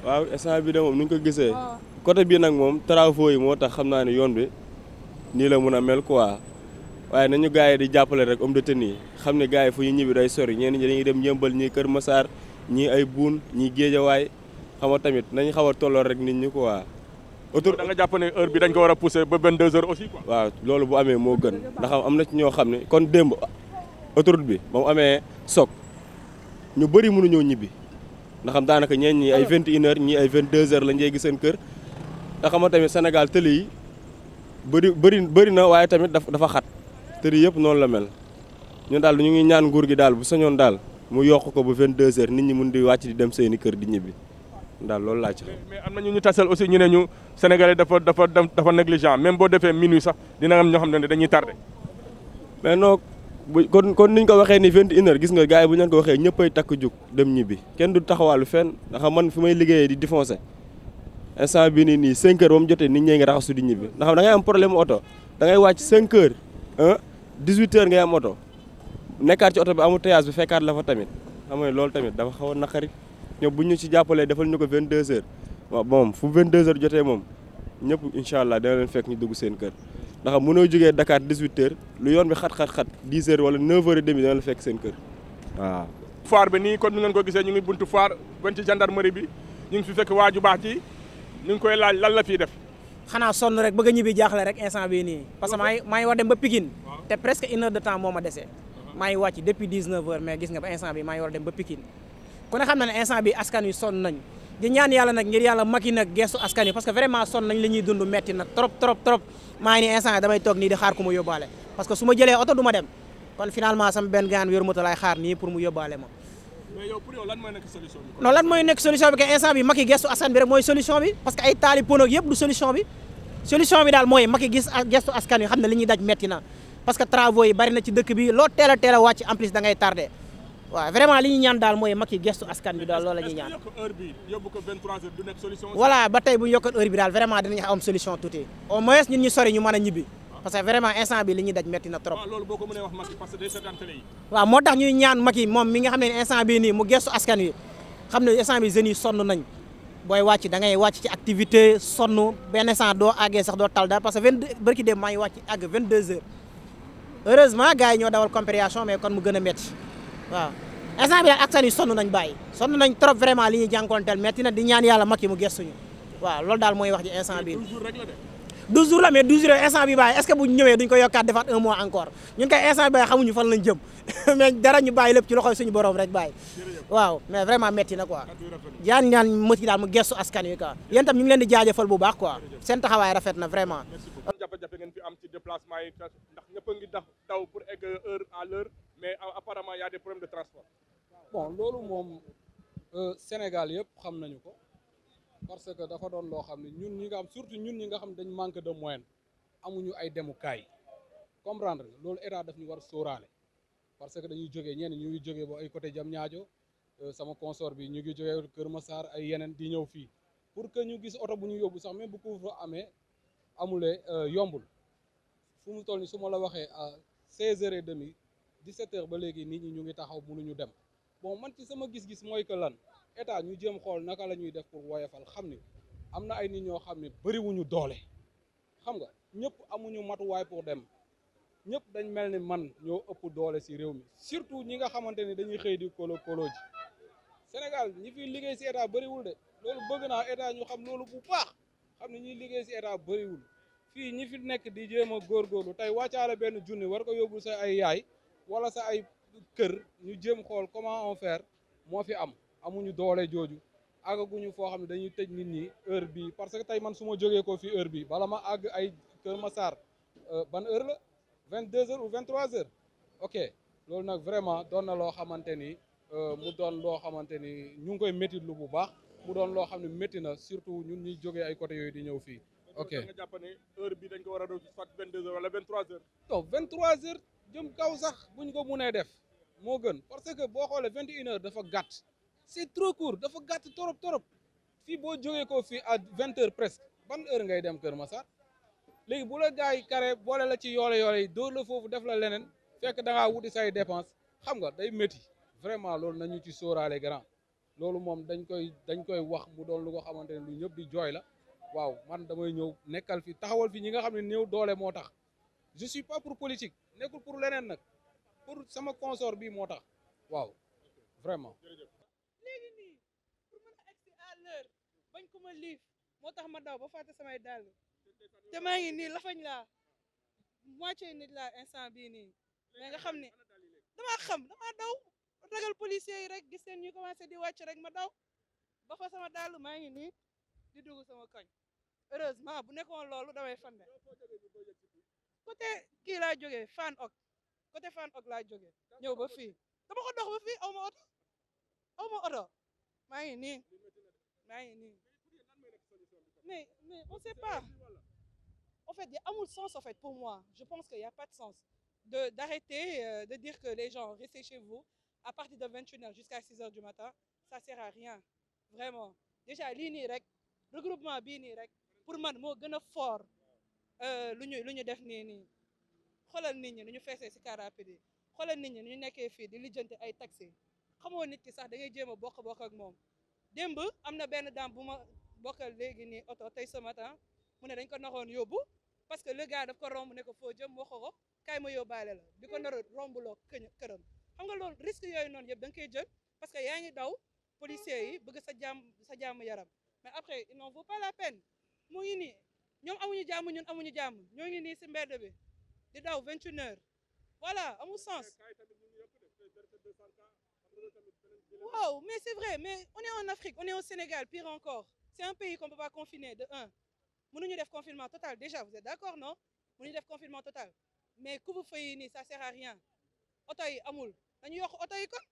waaw instant bi de moom ni ñu ko gisee côté bii nag moom travaux yi moo tax xam naa ne yoon bi nii la mun a mel quoi waaye nañu gars yi di jàppale rek om de nii xam ne gars yi fu ñu ñibbi day sori ñenn ñi dañuy dem yëmbal ñii Kër Masaar ñii ay buun ñii géejawaay xam nga tamit nañu xaw a tolloo rek nit ñi quoi. autour da nga jàpp ne heure bi dañ ko war a pousser ba 22 heures aussi quoi. waaw loolu bu amee moo gën ndax am na ci ñoo xam ne kon démb autoroute bi ba mu amee soog. ñu bëri mënuñoo ñibbi ndax xam daanaka ñeen ñi ay ah. vingt une heures ñii ay vingt deux heures la ñuy gis seen kër nga xam tamit Sénégal tëli yi bëri bëri bëri na waaye tamit dafa xat tëli yëpp noonu la mel ñun daal ñu ngi ñaan nguur gi daal bu sañoon daal mu yokk ko ba vingt deux heures nit ñi mun di wàcc di dem seeni kër di ñibbi daal loolu laa ci xam. mais am na ñu ñu tasal aussi ñu ne ñu Sénégalais dafa dafa dafa négligent même boo defee minuit sax dina am ñoo xam ne dañuy tardé. kon kon niñ ko waxee ni vingt et gis nga gars yi bu ñu ko waxee ñëppay takk jug dem ñibbi kenn du taxawaalu fen ndax man fi may liggéeyee di défoncé instant bi nii nii cinq heures ba jotee nit ñee ngi raxasu di ñibbi ndax da ngay am problème oto da ngay wàcc cinq heures ah dix huit heures ngay am oto nekkaat ci oto bi amul téage bi fekkaat la fa tamit xam nga loolu tamit dafa xaw a naqari ñoom bu ñu ci jàppalee defal ñu ko vingt deux heures waaw moom fu vingt deux heures jotee moom ñëpp incha allah dina leen fekk ñu dugg seen kër ndax munoo jógee Dakar 18h lu yoon bi xat-xat-xat 10h wala 9h30 dana la fekk seen kër waaw. bi nii comme ni ngeen ko gisee ñu ngi bunt buntu foire bañ ci gendarmerie bi ñu ngi fi fekk waa ju baax ji ñu ngi koy laaj lan la fiy def. xanaa sonn rek bëgg a ñibbi jaaxle rek instant bii nii parce que maa ngi maa ngi war dem ba Pikine te presque une heure de temps moo ma dese uh-huh. maa ngi wàcc depuis 19h mais gis nga ba instant bi maa ngi war dem ba Pikine ku ne na ne instant bi askan wi sonn nañu. di ñaan yàlla nag ngir yàlla mag yi nag gestu askan yi parce que vraiment sonn nañ la ñuy dund na trop trop trop maa ngi ni instant damay toog nii di xaar ku ma yóbbaale parce que su ma jëlee oto du dem kon finalement sama benn gaan wéeru moto xaar nii pour mu yóbbaale ma mais lan mooy nekk solution bi. non instant bi Macky gestu askan bi rek mooy solution bi parce que ay taali pono ak du solution bi solution bi daal mooy Macky gestu askan a teel a waaw vraiment li ñu ñaan daal mooy Macky gestu askan bi daal loolu la ñuy ñaan voilà ba tey bu ñu yokkoon heure bi daal vraiment dinañ am solution tuuti au moins ñun ñu sori ñu mën a ñibbi parce que instant bi li daj metti na trop waaw moo tax ñuy ñaan Macky moom mi nga xam ne instant bii nii mu gestu askan wi xam ne instant bi jeunes yi sonn nañ booy wàcc da ngay wàcc ci activité sonn benn instant doo àggee sax doo tal daal parce que vingt deux bërki dem maa ngi wàcc àgg dawal compréhension kon mu gën a metti waaw instant bi daal askan wi sonn nañ bàyyi sonn nañ trop vraiment li ñuy jànkoonteel metti na di ñaan yàlla mag yi mu gëstuñu waaw loolu daal mooy wax ji instant bi 12 jours la mais 12 jours instant bi bàyyi est bu ñëwee duñ ko yokkaat defaat un mois encore ñun kay instant bi bàyyi xamuñu fan lañ jëm mais dara ñu bàyyi lépp ci loxoy suñu borom rek bàyyi waaw mais vraiment metti na quoi jaan ñaan mët yi daal mu gëstu askan wi quoi yéen tam ñu leen di jaajëfal bu baax quoi seen taxawaay rafet na vraiment jafe-jafe ngeen fi am ci mais apparemment y a des problèmes de transport. loolu moom euh, Sénégal yëpp xam nañu ko parce que dafa doon loo xam ne ñun ñi nga xam surtout ñun ñi nga xam dañ manque de moyens amuñu ay demukaay comprendre nga loolu état daf ñu war sóoraale parce que dañuy jóge ñenn ñu jóge boo ba ay côté ñaajo euh, sama consort bi ñu ngi jóge Kër Massar ay yeneen di ñëw fii pour que ñu gis oto bu ñu yóbbu sax même bu couvre-feu amee amulee euh, yombul fu mu toll ni su ma la waxee à seize heures et demie 17 heures ba léegi nit ñi ñu ngi taxaw ñu dem bon man ci sama gis-gis mooy que lan état ñu jëm xool naka la ñuy def pour woyofal xam ni am na ay nit ñoo xam ne bariwuñu doole xam nga ñëpp amuñu matuwaay pour dem ñëpp dañ mel ni man ñoo ëpp doole si réew mi surtout ñi nga xamante ni dañuy xëy di kolo kolo ji Sénégal ñi fiy liggéey si état bëriwul de loolu bëgg naa état ñu xam loolu bu baax xam ne ñuy liggéey si état bëriwul fii ñi fi nekk di jéem a góorgóorlu tey wàccaale benn junni war ko yóbbu sa ay yaay wala sa ay kër ñu jéem xool comment on faire moo fi am amuñu doole jooju àggaguñu foo xam ne dañuy tëj nit ñi heure bi parce que tey man su ma jógee ko fii heure bi bala ma àgg ay Kër Massar euh, ban heure la vingt deux heures ou vingt trois heures ok loolu nag vraiment doon na loo xamante ni euh, mu doon loo xamante ni ñu ngi koy métti lu bu baax mu doon loo xam ne métti na surtout ñun ñuy jógee ay côté yooyu di ñëw fii ok jàpp ne heure bi dañ ko war a daw ci vingt deux heures wala vingt trois heures jëm kaw sax buñ ko munee def moo gën parce que boo xoolee vingt et une heures dafa gàtt c'est trop court dafa gàtt torop torop fii boo jógee ko fii à vingt presque ban heure ngay dem Kër ma Massar léegi bu la gars yi carré boole la ci yoole yoole yi dóor la foofu def la leneen fekk da ngaa wuti say dépense xam nga day métti vraiment loolu ñu ci sóoraale grand loolu moom dañ koy dañ koy wax mu dool lu ko xamante ne lu ñëpp di jooy la waaw man damay ñëw nekkal fi taxawal fi ñi nga xam ne néew doole moo tax je suis pas politique nekkul pour leneen nag pour sama consort bii moo tax waaw vraiment. léegi nii pour mën a agsi à l'heure bañ ko ma liif moo tax ma daw ba fàtte samay dàll te maa ngi nii lafañ laa moitié nit laa instant bi nii mais nga xam ne damaa xam damaa daw ragal policier yi rek gis seen ñu commencé di wàcc rek ma daw ba fa sama dàll maa ngi nii di dugg sama koñ heureusement bu nekkoon loolu damay fan ne côté kii laa jógee fan ok côté fan ok laa jógee ñëw ba fii dama ko dox ba fii aw ma oto aw ma oto maa ngi nii maa ngi nii mais mais on sait pas en fait y a amul sens en fait pour moi je pense que y a pas de sens de d'arrêter euh, de dire que les gens restez chez vous à partir de vingt et une heures jusqu'à six heures du matin ça sert à rien vraiment déjà lii nii rek regroupement bii nii rek pour man moo gën a fort Euh, lu ñu lu ñu def nii nii xoolal nit ñi nu ñu feesee si car rapide yi xoolal nit ñi nu ñu nekkee fii di lijjanti ay taxi xamoo nit ki sax da ngay jéem a bokk bokk ak moom démb am na benn dame bu ma bokkal léegi nii oto tey ce matin mu ne dañ ko naxoon yóbbu parce que le gars daf ko romb ne ko foo jëm wax ko kaay ma yóbbaale la di ko nar a rombuloo këram xam nga loolu risque yooyu noonu yëpp da nga koy jël parce que yaa ngi daw policiers yi bëgg sa jàmm sa jàmm yaram mais après il n'en vaut la peine mu ngi ñoom amuñu jàmm ñun amuñu jàmm ñoo ñu nii si mbedd di daw vingt une voilà amul sens waaw mais c'est vrai mais on est en Afrique on est au Sénégal pire encore c'est un pays qu'on peut pas confiner de un mënuñu def confinement total déjà vous êtes d'accord non mënuñu def confinement total mais couvre-feu yi nii ça sert à rien oto amul dañu yokk oto yi kon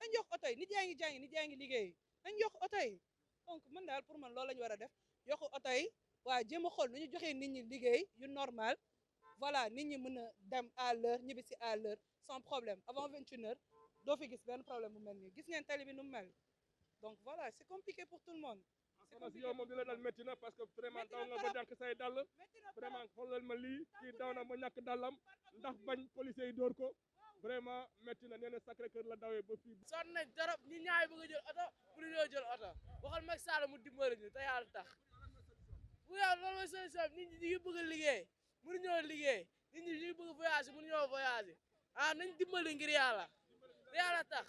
dañu yokk oto yi nit yaa ngi jàngi nit yaa ngi liggéey dañu yokk oto yi donc man daal pour man loolu la war a def yokk oto waaw jëm a xool nu ñu joxee nit ñi liggéey yu normal voilà nit ñi mën a dem à l'heure ñibbi si à l'heure sans problème avant vingt une heures doo fi gis benn problème bu mel nii gis ngeen tali bi nu mu mel donc voilà c'est compliqué pour tout le monde. c'est compliqué yow moom di la dal métti na parce que vraiment daw nga ba jànk say dàll. ma lii kii daw na ba ñàkk dàllam ndax bañ policiers yi dóor ko vraiment métti na ne na Sacré Cœur la dawee ba fii. sonn nañ trop ñi ñaay bëgg a jël oto pour ñoo jël oto waxal Macky Sall mu dimbali ñu te tax. pourtant loolu mooy seen sëb nit ñi ñu ngi bëgg a liggéey mënuñoo liggéey nit ñi ñu ngi bëgg a voyager mënuñoo voyager ah nañ dimbali ngir yàlla yàlla tax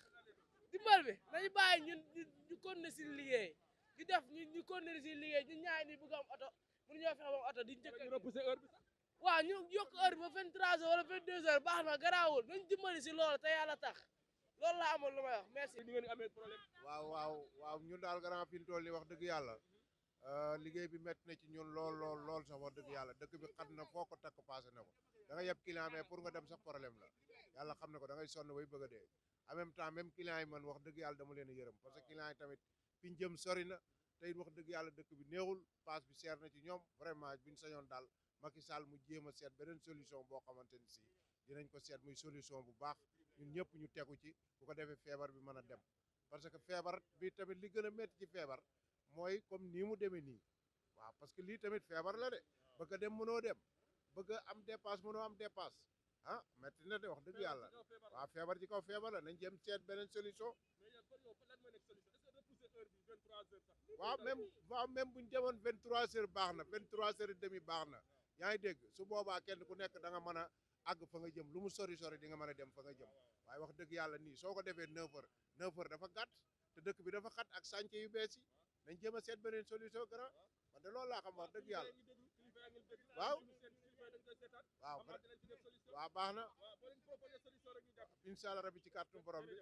dimbal bi nañu bàyyi ñun ñu continuer si liggéey di def ñu ñu continuer si liggéey ñu ñaari nit bëgg am oto mënuñoo fexe ba oto di njëkk a repousser heure bi waaw ñu yokk heure bi ba vingt trois heures wala vingt deux heures baax na garaawul nañ dimbali si loolu te yàlla tax loolu laa amoon lu may wax merci. ni ngeen amee problème. waaw waaw waaw ñun daal grand fi ñu toll nii wax dëgg yàlla. Euh, liggéey bi métti na ci ñun lool lool lool sax wax dëgg yàlla dëkk bi xat na foo ko takk passé na ko da nga yeb client mais pour nga dem sax problème la yàlla xam ne ko da ngay sonn bay bëgg dee en même temps même client yi man wax dëgg yàlla dama leen a yërëm parce que client yi tamit fi jëm sori na te it wax dëgg yàlla dëkk bi néewul paas bi seer na ci ñoom vraiment bi ñu sañoon daal maki saal mu jéem a seet beneen solution boo xamante ni si dinañ ko seet muy solution bu baax ñun ñëpp ñu tegu ci bu ko defee feebar bi mën a dem parce que feebar tamit li gën a métti ci feebar mooy comme nii mu demee nii waa parce que lii tamit feebar la de bëgg dem mënoo dem bëgg am dépasse mënoo am dépasse ah metti na de wax dëgg yàlla waa feebar ci kaw feebar la nañ jem seet beneen solution waaw même waaw même bu ñu demoon vingt trois baax na vingt trois heures et baax na yaa ngi dégg su boobaa kenn ku nekk da nga mën a àgg fa nga jëm lu mu sori sori di nga mën a dem fa nga jëm waaye wax dëgg yàlla nii soo ko defee neuf heures neuf heures dafa gàtt te dëkk bi dafa xat ak chantier yu bees nañ jéem a seet beneen solution grand man de loolu laa xam wax dëgg yàlla waaw waaw waaw baax na incha ci kàttum borom bi